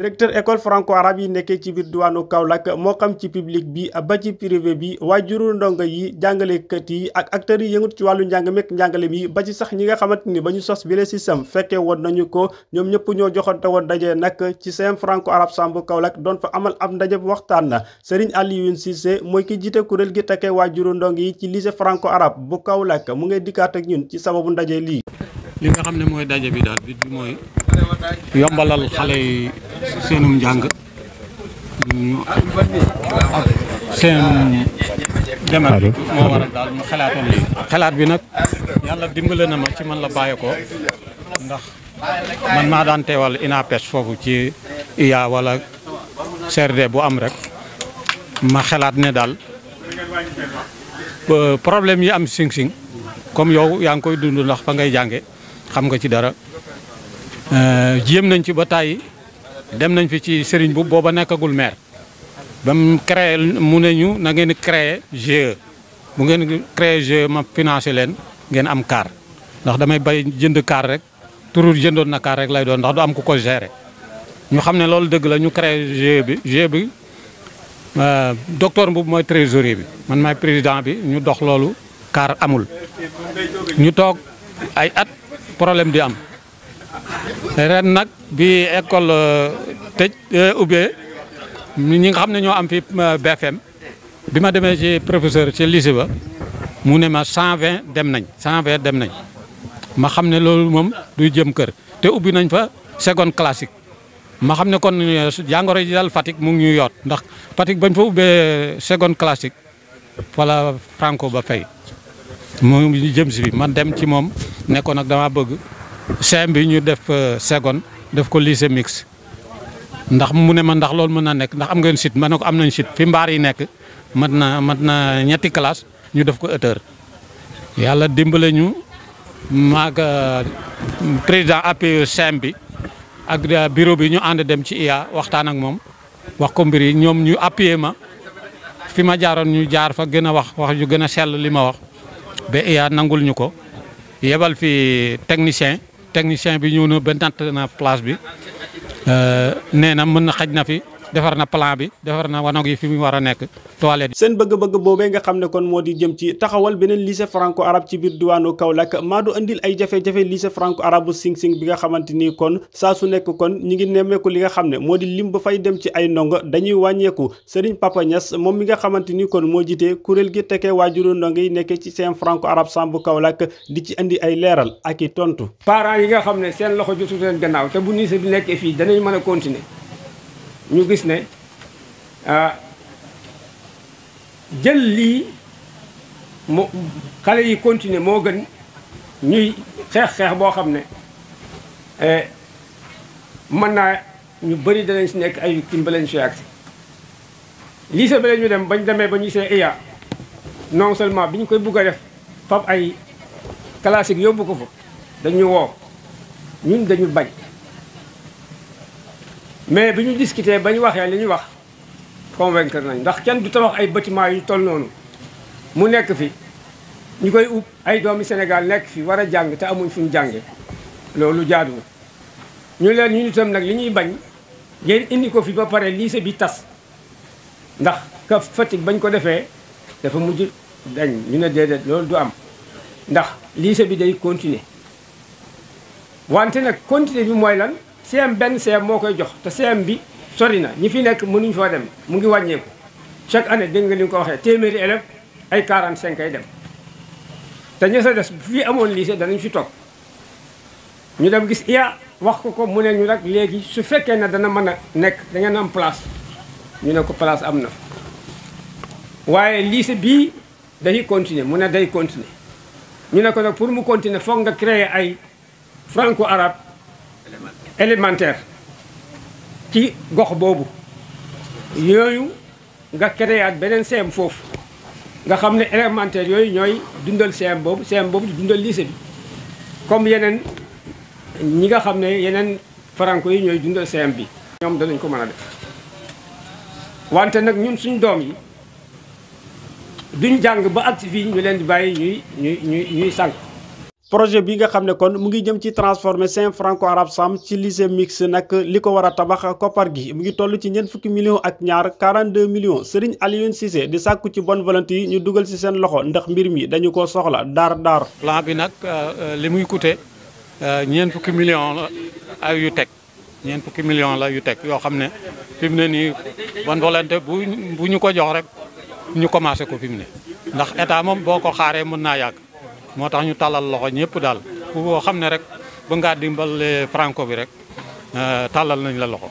directeur école franco arabe yi nekkee ci bir diwaanu Kaolack moo xam ci public bi ba ci privé bi waajuru ndonga yi jàngalekat yi ak acteurs yi yëngut ci wàllu njàng meek njàngale mi ba ci sax ñi nga xamante ni ba ñu sos bile système fekkee woon nañu ko ñoom ñëpp ñoo joxante woon daje nak ci sem franco arabe sambu Kaolack doon fa amal ab ndaje waxtaan serigne ali Ali Cissé mooy ki jiite kurel gi takkee waajuru ndonga yi ci lycée franco arabe bu Kaolack mu ngay dikkaat ak ñun ci sababu ndaje lii. li nga xam ne mooy daje bi daal bi mooy yombalal xale seenum njàng ñu ak moo waral daal ñu xalaatoon lii xalaat bi nag yàlla dimbale na ma ci man la bàyyi ko ndax man maa daan teewal INAPES foofu ci IA wala CRD bu am rek ma xalaat ne daal euh, problème yi am Sing Sing comme yow yaa ngi koy dund ndax fa ngay jànge xam nga ci dara euh, jéem nañ ci ba tàyyi dem nañ fi ci Serigne bu boba nekkagul maire bam créer créé mu ne na ngeen créer je bu ngeen créer je ma financer len ngeen am car ndax damay bay jënd car rek turu jëndon na car rek lay doon ndax du am ku ko gérer ñu xam ne loolu dëgg la ñu créer je bi je bi euh, docteur mbub moy trésorier bi man may président bi ñu dox loolu car amul ñu tok ay at problème di am ren nag bi école euh, tëj ubbee euh, ñi nga xam ne ñoo am fi euh, BFM bima ma demee ci professeur ci lycée ba mu ne ma 120 dem nañ 120 dem nañ ma xam ne loolu moom du jëm kër te ubbi nañ fa seconde classique ma xam kon jàngoro ji daal Fatick mu ngi ñu yoot ndax Fatick bañ fa ubbee seconde classique wala Franco ba fay mu jëm si bi ma dem ci moom nekkoon nag dama bëgg CM bi ñu def euh, segon, def ko lycée mix ndax mu ne ma ndax lool mëna nek ndax am ngeen site ma ko am nañ site fi mbar yi nek matna matna ñetti classe ñu def ko auteur yalla dimbalé ñu maga euh, président APE CM bi ak euh, bureau bi ñu and dem ci IA waxtaan ak mom, wax ko mbiri ñom api ñu appuyer ma fi ma jaaroon ñu jaar fa gëna wax wax ju gëna li wax be IA nangul ñuko yebal fi technicien technicien bi ñëw na ba natt na place bi euh, nee na mën na xaj na fi defar na plan bi defar na wanag yi fi mu war a nekk toilette seen bëgg-bëgg boobee nga xam ne kon moo di jëm ci taxawal beneen lycée franco arabe ci biir diwaanu Kaolack maa du andil ay jafe-jafe lycée franco arabe bu Sing Sing bi nga xamante ni kon saa su nekk kon ñi ngi nemmeeku li nga xam ne moo di lim ba fay dem ay ndongo dañuy wàññeeku Serigne Papa Niass moom mi nga xamante ni kon moo jitee kuréel gi tekkee waajuru ndongo yi nekkee ci seen franco arabe sam bu Kaolack di ci indi ay leeral ak i tontu parents yi nga xam ne seen loxo jotu leen gannaaw te bu lycée bi nekkee fii danañ mën a continuer ñu gis ne ah, jël lii mu xale yi continuer moo gën ñuy xeex-xeex boo xam ne eh, mën naa ñu bëri danañ si nekk ay victime ba leen si agsi lycée ba ñu dem bañ demee ba ñu see iya non seulement bi ñu koy bugg a def fab ay classique yóbbu ko fa dañu woo ñun dañu bañ mais bi ñu discuter ba ñu waxee li ñuy wax convaincre nañ ndax kenn du tabax ay bâtiment yu toll noonu mu nekk fi ñu koy ub ay doomi Sénégal nekk fi war a jàng te amuñ fu ñu jànge loolu jaaduwul ñu leen ñu nitam nag li ñuy bañ ngeen indi ko fi ba pare lycée bi tas ndax ka bañ ko defee dafa mujj dañ ñu ne déedéet loolu du am ndax lycée bi day continuer wante nag continuer bi mooy lan CM ben CM mo koy jox te CM bi sori na ñi fi mënu ñu fa dem mu ngi ko chaque année dégg nga li ko waxé téméri élève ay 45 ay dem te ñu sa des fi amone lycée ñu fi tok ñu dem gis iya wax ko ko mu ne ñu rek légui su fekkee na dana mëna nek nekk da ngeen am place ñu ne ko place amna na waaye lycée bii day continuer mu ne day continuer ñu ne ko nak pour mu continuer fo nga créer ay franco Arab. élémentaire ci gox boobu yooyu nga créaat beneen CM foofu nga xam ne élémentaire yooyu ñooy dundal CM boobu CM boobu di dundal lycée bi comme yeneen ñi nga xam ne yeneen franco yi ñooy dundal CM bi ñoom danañ ko mën a def wante nag ñun suñ doom yi duñ jàng ba at fii ñu leen di bàyyi ñuy ñuy ñuy sànq projet bi nga xam ne kon mu ngi jëm ci transformer cinq franco arabe sam ci lycée mixte nag li ko war a tabax koppar gi mu ngi toll ci ñeent fukki millions ak ñaar 42 millions Serigne Alioune Cissé di sàkku ci bon volonté yi ñu dugal ci seen loxo ndax mbir mi dañu ko soxla daar daar. plan bi nag euh, euh, li muy coûté euh, ñeent fukki millions la yu teg ñeent fukki millions la yu teg yoo xam ne fi mu ne nii bonne volonté bu bu ñu ko jox rek ñu commencé ko fi ne ndax état moom boo ko xaaree mën naa yàgg. moo tax ñu tàllal loxo ñëpp daal ku xam ne rek ba ngaa dimbale franco bi rek euh, tàllal nañ la loxo.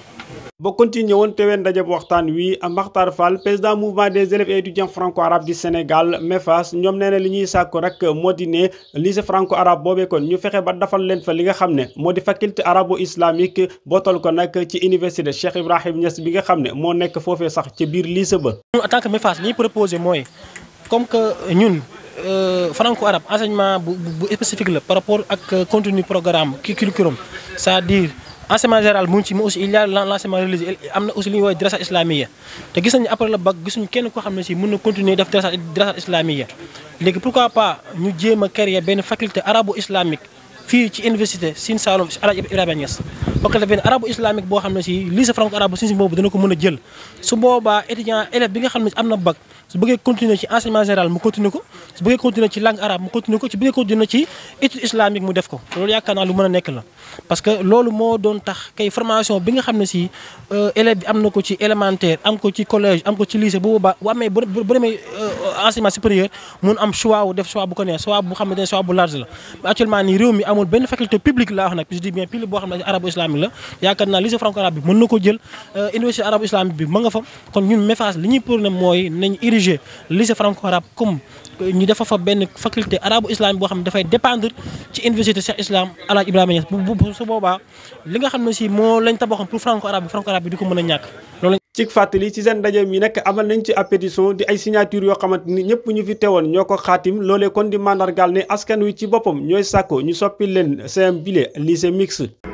bokkoon ci ñëwoon teeween ndajeb waxtaan wi Makhtar Fall président mouvement des élèves et étudiants franco arabes du Sénégal MEFAS ñoom nee li ñuy sàkku rek moo di ne lycée franco arabe boobee kon ñu fexe ba dafal leen fa li nga xam ne moo di faculté arabo islamique bootal ko nag ci université Cheikh Ibrahim Niass bi nga xam ne moo nekk foofee sax ci biir lycée ba. ñun en tant que MEFAS li proposé mooy comme que ñun. Euh, franco arabe enseignement bu bu spécifique la par rapport ak euh, contenu programme ki curriculum c'est-à-dire enseignement général mu ngi ci mais aussi il y a l'enseignement am na aussi li ñuy woowee drasa islamiya te gis nañu après le bac gisuñu kenn koo xam ne si mën na continuer def drasa drasa islamiya léegi pourquoi pas ñu jéem a créer benn faculté arabo islamique fii ci université Sine Saloum Alaaji Ibrahima Niass ba ko defee ne arabu islamique boo xam ne si lycée franco arabe suñu boobu dana ko mën jël su boobaa étudiant élève bi nga xam ne am na bac su bëggee continuer ci enseignement général mu continuer ko su bëggee continuer ci langue arabe mu continuer ko su bëggee continuer ci étude islamique mu def ko loolu yaakaar naa lu mën a nekk la parce que loolu moo doon tax kay formation bi nga xam ne si euh, élève bi am na ko ci élémentaire am ko ci collège am ko ci enseignement supérieur mun am choix wu def choix bu ko choix bu xamné choix bu large la actuellement ni réew mi amul ben faculté publique la wax nag je dis bien pile bo xamné arabo islamique la yakarna naa lycée franco euh, arabe mën nako jël université arabo islamique bi ma nga fa kon ñun méfas li ñuy prôné moy nañ ériger lycée franco arabe comme ñu defa fa ben faculté arabo islamique bo xam da fay dépendre ci université Cheikh Islam ala ibrahim Niass bu su boobaa li nga xam ne si moo lañ tabaxoon pour franco arabe franco arabe diko di ñak mën ci fàttali ci seen ndaje mi nag amal nañ ci ab di ay signature yoo xamante ni ñëpp ñu fi woon ñoo ko xaatim loolee kon di mandargaal ne askan wi ci boppam ñooy sàkko ñu soppi leen seen bile lycée mixte